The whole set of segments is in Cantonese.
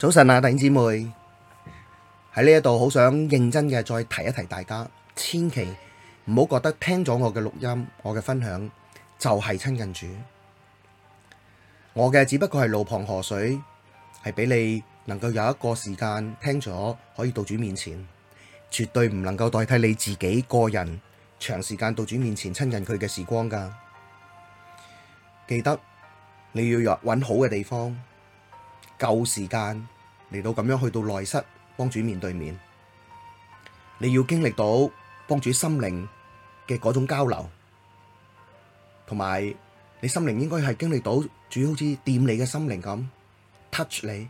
早晨啊，弟兄姊妹，喺呢一度好想認真嘅再提一提大家，千祈唔好覺得聽咗我嘅錄音、我嘅分享就係親近主。我嘅只不過係路旁河水，係俾你能夠有一個時間聽咗可以到主面前，絕對唔能夠代替你自己個人長時間到主面前親近佢嘅時光噶。記得你要約搵好嘅地方。夠時間嚟到咁樣去到內室幫主面對面，你要經歷到幫主心靈嘅嗰種交流，同埋你心靈應該係經歷到主要好似掂你嘅心靈咁 touch 你，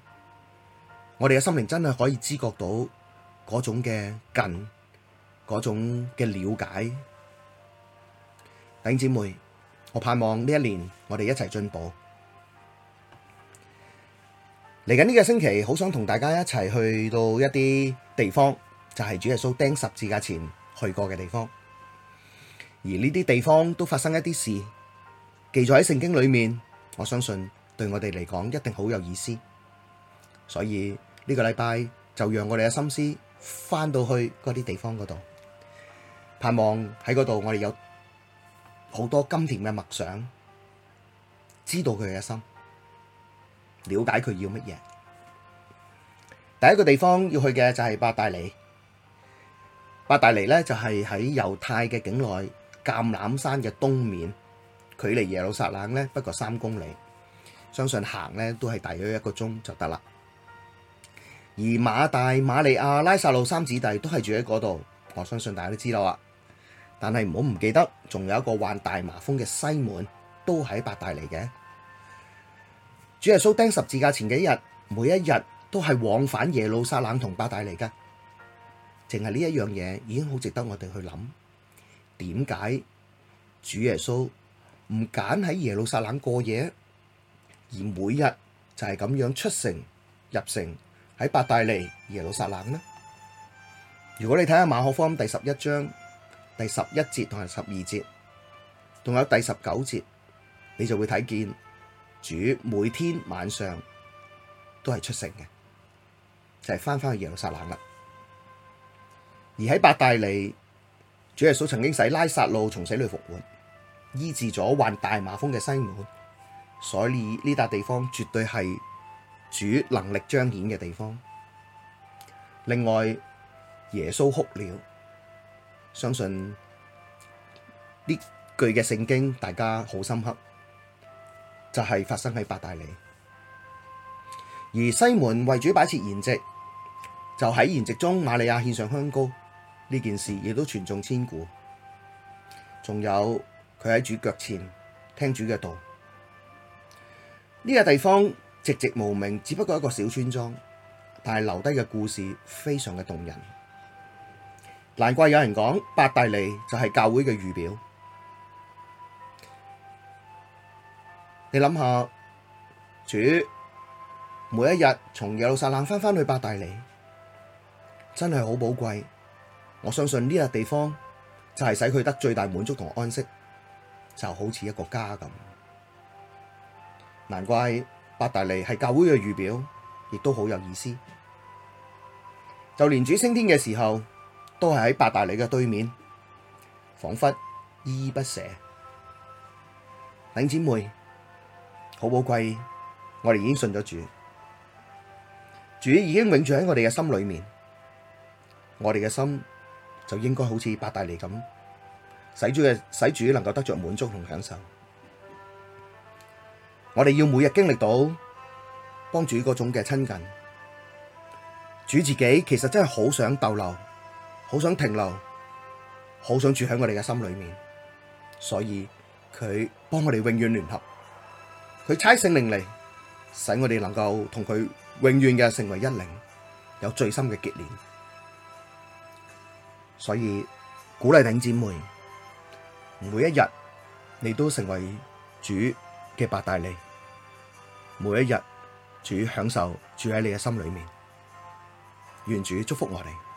我哋嘅心靈真係可以知覺到嗰種嘅近，嗰種嘅了解。弟兄姐妹，我盼望呢一年我哋一齊進步。嚟緊呢個星期，好想同大家一齊去到一啲地方，就係主耶穌釘十字架前去過嘅地方。而呢啲地方都發生一啲事，記載喺聖經裏面。我相信對我哋嚟講，一定好有意思。所以呢個禮拜就讓我哋嘅心思返到去嗰啲地方嗰度，盼望喺嗰度我哋有好多甘甜嘅默想，知道佢嘅心，了解佢要乜嘢。第一個地方要去嘅就係伯大尼。伯大尼呢就係、是、喺猶太嘅境內，橄欖山嘅東面，距離耶路撒冷呢不過三公里。相信行呢都係大約一個鐘就得啦。而馬大、馬利亞、拉撒路三子弟都係住喺嗰度，我相信大家都知啦。但係唔好唔記得，仲有一個患大麻風嘅西門都喺伯大尼嘅。主耶穌釘十字架前幾日，每一日都係往返耶路撒冷同伯大尼噶，淨係呢一樣嘢，已經好值得我哋去諗。點解主耶穌唔揀喺耶路撒冷過夜，而每日就係咁樣出城入城喺伯大尼、耶路撒冷呢？如果你睇下馬可福音第十一章第十一節同埋十二節，仲有第十九節，你就會睇見。主每天晚上都係出城嘅，就係翻返去耶路撒冷啦。而喺伯大尼，主耶穌曾經使拉撒路從死裏復活，醫治咗患大痲瘋嘅西門，所以呢笪地方絕對係主能力彰顯嘅地方。另外，耶穌哭了，相信呢句嘅聖經，大家好深刻。就係發生喺伯大尼，而西門為主擺設筵席，就喺筵席中，瑪利亞獻上香膏呢件事，亦都傳頌千古。仲有佢喺主腳前聽主嘅道。呢個地方寂寂無名，只不過一個小村莊，但係留低嘅故事非常嘅動人，難怪有人講伯大尼就係教會嘅預表。你諗下，主每一日從耶路撒冷返返，返，返去伯大尼，真係好寶貴。我相信呢個地方就係使佢得最大滿足同安息，就好似一個家咁。難怪伯大尼係教會嘅預表，亦都好有意思。就連主升天嘅時候，都係喺伯大尼嘅對面，仿佛依依不捨。弟兄姊妹。好寶貴，我哋已經信咗主，主已經永住喺我哋嘅心裏面，我哋嘅心就應該好似伯大尼咁，使主嘅使主能夠得着滿足同享受。我哋要每日經歷到幫主嗰種嘅親近，主自己其實真係好想逗留，好想停留，好想住喺我哋嘅心裏面，所以佢幫我哋永遠聯合。佢差聖靈嚟，使我哋能夠同佢永遠嘅成為一靈，有最深嘅結連。所以鼓勵弟兄姊妹，每一日你都成為主嘅伯大尼，每一日主享受住喺你嘅心裏面。願主祝福我哋。